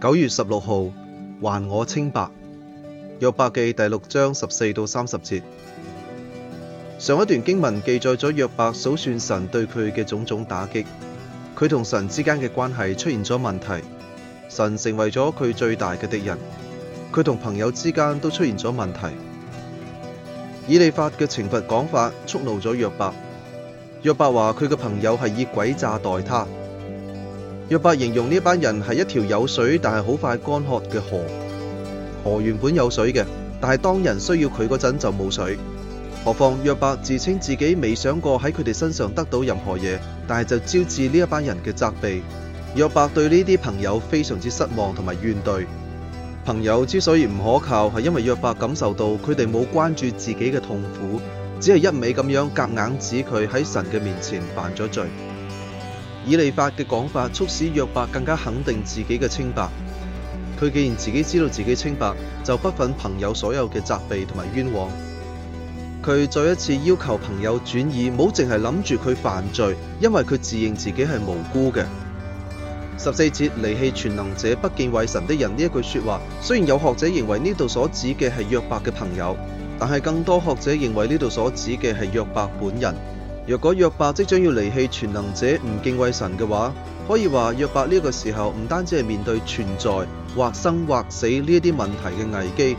九月十六號，還我清白。約伯記第六章十四到三十節，上一段經文記載咗約伯數算神對佢嘅種種打擊，佢同神之間嘅關係出現咗問題，神成為咗佢最大嘅敵人，佢同朋友之間都出現咗問題。以利法嘅懲罰講法觸怒咗約伯，約伯話佢嘅朋友係以詭詐待他。約伯形容呢班人係一條有水但係好快乾涸嘅河，河原本有水嘅，但係當人需要佢嗰陣就冇水。何況約伯自稱自己未想過喺佢哋身上得到任何嘢，但係就招致呢一班人嘅責備。約伯對呢啲朋友非常之失望同埋怨懟。朋友之所以唔可靠，係因為約伯感受到佢哋冇關注自己嘅痛苦，只係一味咁樣夾硬指佢喺神嘅面前犯咗罪。以利法嘅講法，促使約伯更加肯定自己嘅清白。佢既然自己知道自己清白，就不忿朋友所有嘅責備同埋冤枉。佢再一次要求朋友轉意，唔好淨係諗住佢犯罪，因為佢自認自己係無辜嘅。十四節離棄全能者、不敬畏神的人呢句說話，雖然有學者認為呢度所指嘅係約伯嘅朋友，但係更多學者認為呢度所指嘅係約伯本人。若果約伯即將要離棄全能者唔敬畏神嘅話，可以話約伯呢個時候唔單止係面對存在或生或死呢一啲問題嘅危機，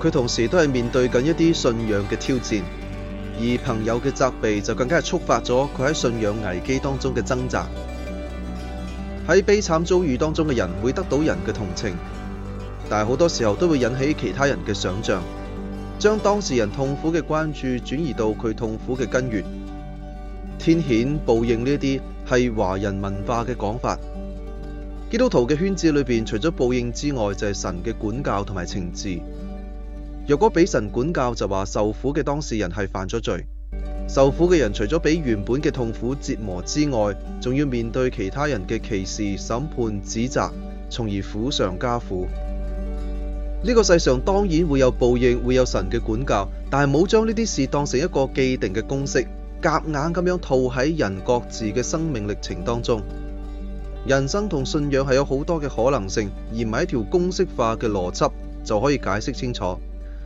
佢同時都係面對緊一啲信仰嘅挑戰，而朋友嘅責備就更加係觸發咗佢喺信仰危機當中嘅掙扎。喺悲慘遭遇當中嘅人會得到人嘅同情，但係好多時候都會引起其他人嘅想象，將當事人痛苦嘅關注轉移到佢痛苦嘅根源。天譴、報應呢啲係華人文化嘅講法。基督徒嘅圈子裏邊，除咗報應之外，就係、是、神嘅管教同埋懲治。若果俾神管教，就話受苦嘅當事人係犯咗罪。受苦嘅人除咗俾原本嘅痛苦折磨之外，仲要面對其他人嘅歧視、審判、指責，從而苦上加苦。呢、這個世上當然會有報應，會有神嘅管教，但係冇將呢啲事當成一個既定嘅公式。夾硬咁樣套喺人各自嘅生命歷程當中，人生同信仰係有好多嘅可能性，而唔係一條公式化嘅邏輯就可以解釋清楚。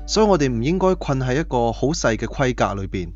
所以我哋唔應該困喺一個好細嘅規格裏邊。